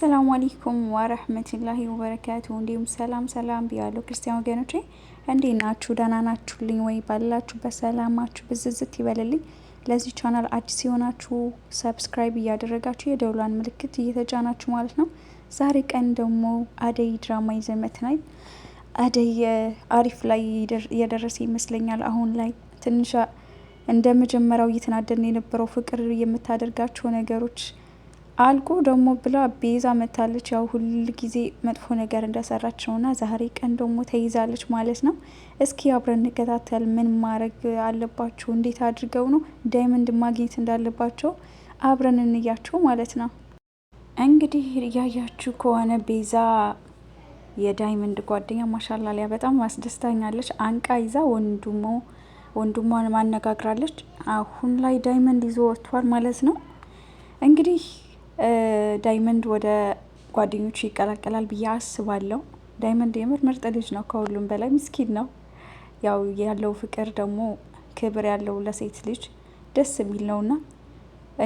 አሰላሙ አለይኩም ወረህመቱላሂ ወበረካቱ። እንዲሁም ሰላም ሰላም ብያለሁ ክርስቲያን ወገኖቼ፣ እንዴ ናችሁ? ደህና ናችሁልኝ ወይ? ባላችሁበት ሰላማችሁ ብዝዝት ይበልልኝ። ለዚህ ቻናል አዲስ የሆናችሁ ሰብስክራይብ እያደረጋችሁ የደውሏን ምልክት እየተጫናችሁ ማለት ነው። ዛሬ ቀን ደግሞ አደይ ድራማ ይዘን መጥተናል። አደይ አሪፍ ላይ እየደረሰ ይመስለኛል። አሁን ላይ ትንሽ እንደ መጀመሪያው እየተናደድን የነበረው ፍቅር የምታደርጋቸው ነገሮች አልቁ ደግሞ ብላ ቤዛ መታለች። ያው ሁል ጊዜ መጥፎ ነገር እንደሰራች ነውና ዛሬ ቀን ደግሞ ተይዛለች ማለት ነው። እስኪ አብረን እንከታተል። ምን ማድረግ አለባቸው፣ እንዴት አድርገው ነው ዳይመንድ ማግኘት እንዳለባቸው አብረን እንያቸው ማለት ነው። እንግዲህ እያያችሁ ከሆነ ቤዛ የዳይመንድ ጓደኛ ማሻላ ሊያ በጣም አስደስታኛለች። አንቃ ይዛ ወንድሞ ወንድሟን ማነጋግራለች። አሁን ላይ ዳይመንድ ይዞ ወጥቷል ማለት ነው እንግዲህ ዳይመንድ ወደ ጓደኞቹ ይቀላቀላል ብዬ አስባለሁ። ዳይመንድ የምር ምርጥ ልጅ ነው። ከሁሉም በላይ ምስኪን ነው። ያው ያለው ፍቅር ደግሞ ክብር ያለው ለሴት ልጅ ደስ የሚል ነውና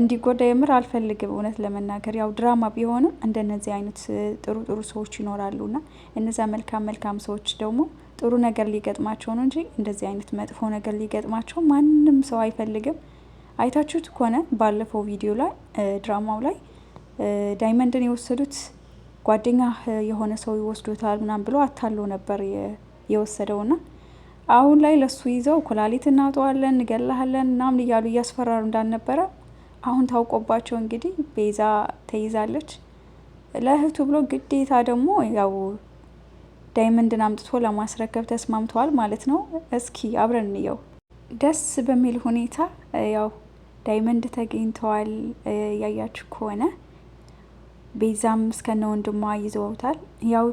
እንዲጎዳ የምር አልፈልግም። እውነት ለመናገር ያው ድራማ ቢሆንም እንደነዚህ አይነት ጥሩ ጥሩ ሰዎች ይኖራሉ እና እነዚያ መልካም መልካም ሰዎች ደግሞ ጥሩ ነገር ሊገጥማቸው ነው እንጂ እንደዚህ አይነት መጥፎ ነገር ሊገጥማቸው ማንም ሰው አይፈልግም። አይታችሁት ከሆነ ባለፈው ቪዲዮ ላይ ድራማው ላይ ዳይመንድን የወሰዱት ጓደኛ የሆነ ሰው ይወስዶታል ምናም ብሎ አታሎ ነበር የወሰደው ና አሁን ላይ ለሱ ይዘው ኩላሊት እናውጠዋለን እንገላሃለን ምናምን እያሉ እያስፈራሩ እንዳልነበረ አሁን ታውቆባቸው እንግዲህ ቤዛ ተይዛለች። ለእህቱ ብሎ ግዴታ ደግሞ ያው ዳይመንድን አምጥቶ ለማስረከብ ተስማምተዋል ማለት ነው። እስኪ አብረን እንየው። ደስ በሚል ሁኔታ ያው ዳይመንድ ተገኝተዋል። እያያችሁ ከሆነ ቤዛም እስከነ ወንድሟ ይዘውታል። ያው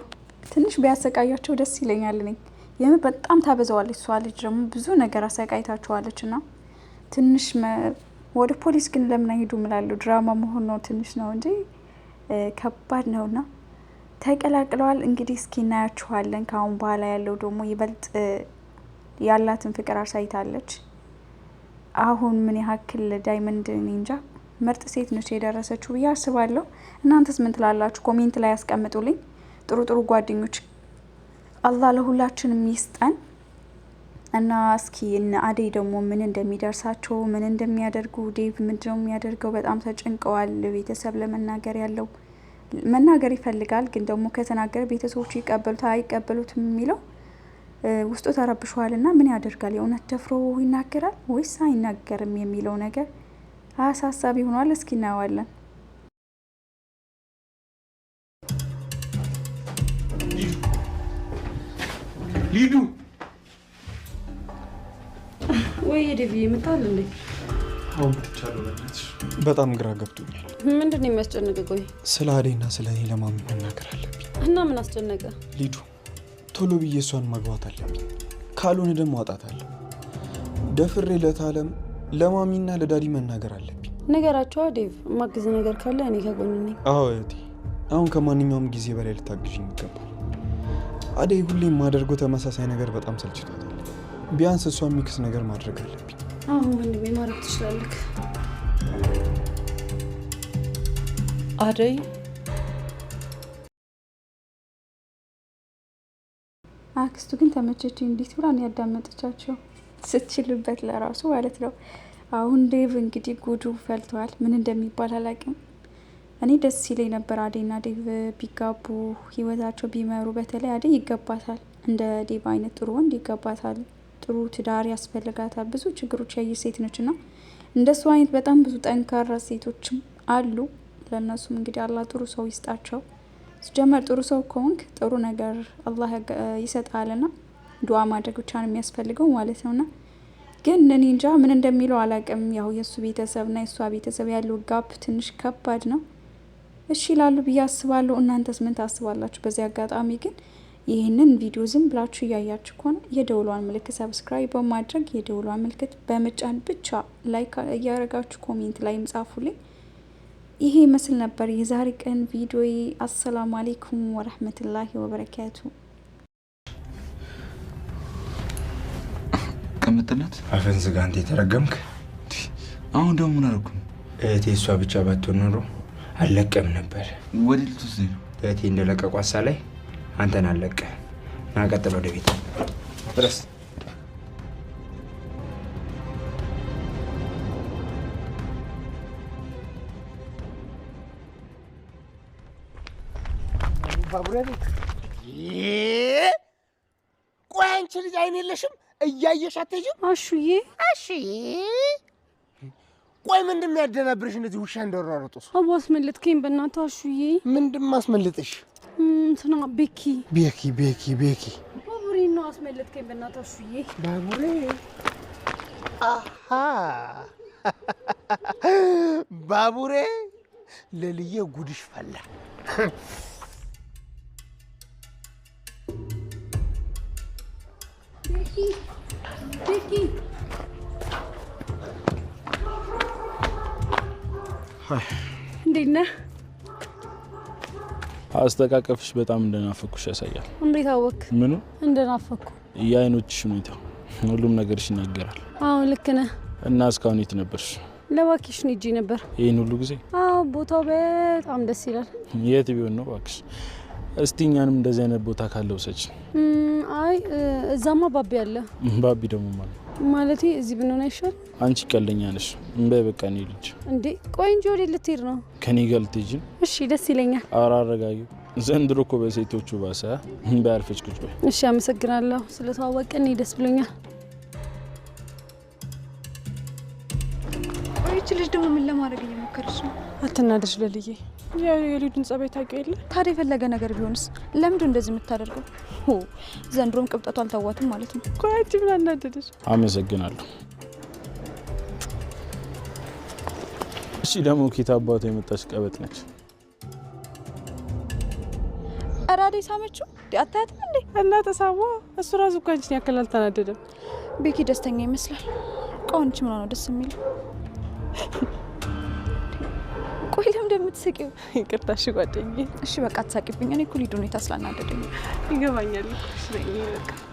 ትንሽ ቢያሰቃያቸው ደስ ይለኛል። እኔ የምር በጣም ታበዛዋለች። እሷ ልጅ ደግሞ ብዙ ነገር አሰቃይታችኋለች እና ትንሽ ወደ ፖሊስ ግን ለምን አይሄዱ ምላሉ። ድራማ መሆን ነው ትንሽ ነው እንጂ ከባድ ነውና ተቀላቅለዋል። እንግዲህ እስኪ እናያችኋለን። ከአሁን በኋላ ያለው ደግሞ ይበልጥ ያላትን ፍቅር አሳይታለች። አሁን ምን ያህል ዳይመንድ እንጃ ምርጥ ሴት ነች የደረሰችው ብዬ አስባለሁ። እናንተስ ምን ትላላችሁ? ኮሜንት ላይ ያስቀምጡልኝ። ጥሩ ጥሩ ጓደኞች አላህ ለሁላችንም ይስጠን እና እስኪ እነ አደይ ደግሞ ምን እንደሚደርሳቸው ምን እንደሚያደርጉ ዴቭ ምንድነው የሚያደርገው? በጣም ተጨንቀዋል። ቤተሰብ ለመናገር ያለው መናገር ይፈልጋል፣ ግን ደግሞ ከተናገረ ቤተሰቦቹ ይቀበሉት አይቀበሉትም የሚለው ውስጡ ተረብሸዋል። እና ምን ያደርጋል? የእውነት ደፍሮ ይናገራል ወይስ አይናገርም የሚለው ነገር አሳሳቢ ሆኗል። እስኪ እናየዋለን። ሊዱ ወይ ዴቪ የምታል እንዴ? በጣም ግራ ገብቶኛል። ምንድን ነው የሚያስጨንቅ? ቆይ ስለ አዴና ስለ እኔ ለማመን መናገር አለብኝ። እና ምን አስጨነቀ? ሊዱ ቶሎ ብዬ እሷን ማግባት አለብኝ፣ ካልሆነ ደግሞ አጣታለሁ። ደፍሬ ለታለም ለማሚና ለዳዲ መናገር አለብኝ። ነገራቸው ዴቭ፣ ማግዝ ነገር ካለ እኔ ከጎን ነኝ። አዎ እህቴ፣ አሁን ከማንኛውም ጊዜ በላይ ልታግዥ ይገባል። አደይ ሁሌም ማደርገው ተመሳሳይ ነገር በጣም ሰልችቷታል። ቢያንስ እሷ የሚክስ ነገር ማድረግ አለብኝ። አሁን ወንድሜ ማድረግ ትችላለህ። አደይ አክስቱ ግን ተመቸችኝ። እንዴት ብላ ነው ያዳመጠቻቸው? ስችልበት ለራሱ ማለት ነው። አሁን ዴቭ እንግዲህ ጉዱ ፈልተዋል። ምን እንደሚባል አላውቅም። እኔ ደስ ይለኝ ነበር አዴና ዴቭ ቢጋቡ ህይወታቸው ቢመሩ። በተለይ አዴ ይገባታል፣ እንደ ዴቭ አይነት ጥሩ ወንድ ይገባታል። ጥሩ ትዳር ያስፈልጋታል። ብዙ ችግሮች ያየ ሴት ነች እንደ እንደሱ አይነት በጣም ብዙ ጠንካራ ሴቶችም አሉ። ለእነሱም እንግዲህ አላህ ጥሩ ሰው ይስጣቸው። ሲጀመር ጥሩ ሰው ከሆንክ ጥሩ ነገር አላህ ና ዱዓ ማድረግ ብቻ ነው የሚያስፈልገው ማለት ነውና ግን እኔ እንጃ ምን እንደሚለው አላቅም። ያው የእሱ ቤተሰብና የእሷ ቤተሰብ ያለው ጋፕ ትንሽ ከባድ ነው። እሺ ይላሉ ብዬ አስባለሁ። እናንተስ ምን ታስባላችሁ? በዚህ አጋጣሚ ግን ይህንን ቪዲዮ ዝም ብላችሁ እያያችሁ ከሆነ የደውሏን ምልክት ሰብስክራይብ በማድረግ የደውሏን ምልክት በመጫን ብቻ ላይክ እያደረጋችሁ ኮሜንት ላይ ምጻፉልኝ። ይሄ ይመስል ነበር የዛሬ ቀን ቪዲዮ። አሰላሙ አሌይኩም ወረህመቱላሂ ወበረካቱ እስከምትላት አፈን ዝጋ። አንተ የተረገምክ። አሁን ደግሞ ምን አደረኩ? እህቴ እሷ ብቻ ባትሆን ኖሮ አለቀም ነበር። ወደ ልትስ ነው እህቴ እንደለቀቁ ሳ ላይ አንተን አለቀ ናቀጥለ ወደ ቤት ድረስ ባቡሬ ቤት ቆይ፣ አንቺ ልጅ አይን የለሽም እያየሽ አትሄጂም? አሹዬ አሹዬ፣ ቆይ ምንድን የሚያደናብርሽ እነዚህ ውሻ እንደሯሯጡ? አቦ አስመለጥከኝ፣ በእናትህ አሹዬ። ምንድን አስመልጥሽ? እንትና ቤኪ ቤኪ ቤኪ ቤኪ፣ ባቡሬን ነው አስመለጥከኝ፣ በእናትህ አሹዬ። ባቡሬ አሀ፣ ባቡሬ ለልዬ ጉድሽ ፈላ። እንዴት ነህ? አስተቃቀፍሽ በጣም እንደናፈኩሽ ያሳያል። እንዴት አወክ? ምኑ እንደናፈኩ? የአይኖችሽ ሁኔታ፣ ሁሉም ነገርሽ ይናገራል። አዎ ልክ ነህ። እና እስካሁን የት ነበርሽ? ለቫኬሽን ሄጄ ነበር። ይህን ሁሉ ጊዜ? አዎ ቦታው በጣም ደስ ይላል። የት ቢሆን ነው እባክሽ? እስቲ እኛንም እንደዚህ አይነት ቦታ ካለው ሰች። አይ እዛማ ባቢ አለ። ባቢ ደግሞ ማለት ማለት እዚህ ብንሆን አይሻል? አንቺ ቀልደኛ ነሽ። እንበይ በቃ እኔ ልጅ እንዴ፣ ቆይ እንጂ ወዴት ልትሄድ ነው? ከኔ ጋር ልትሄጂ? እሺ ደስ ይለኛል። ኧረ አረጋጊ ዘንድሮ እኮ በሴቶቹ ባሰ። እንበይ አርፈሽ ቁጭ በይ። እሺ አመሰግናለሁ ስለተዋወቀ እኔ ደስ ብሎኛል። ቆይች ልጅ ደግሞ ምን ለማድረግ እየሞከረች ነው? አትናደሽ ለልዬ፣ የልዩን ጸባይ ታውቂው የለ። ታዲያ የፈለገ ነገር ቢሆንስ ለምንድን እንደዚህ የምታደርገው? ዘንድሮም ቅብጠቱ አልታዋትም ማለት ነው። ቆያች ምን አናደደሽ? አመሰግናለሁ። እሺ ደግሞ ኬት የመጣች ቀበጥ ነች። አራዴ ሳመችው አታያትም እንዴ? እና ተሳዋ እሱ ራሱ እኮ አንቺን ያክል አልተናደደም። ቤኪ ደስተኛ ይመስላል። ቆንች ምን ነው ደስ የሚለው ቆይ ለምን እንደምትስቂው? ይቅርታ እሺ ጓደኛዬ። እሺ በቃ አትሳቂብኝ። እኔ እኮ ሊዱ ሁኔታ ስላናደደኝ ይገባኛል። እሺ በቃ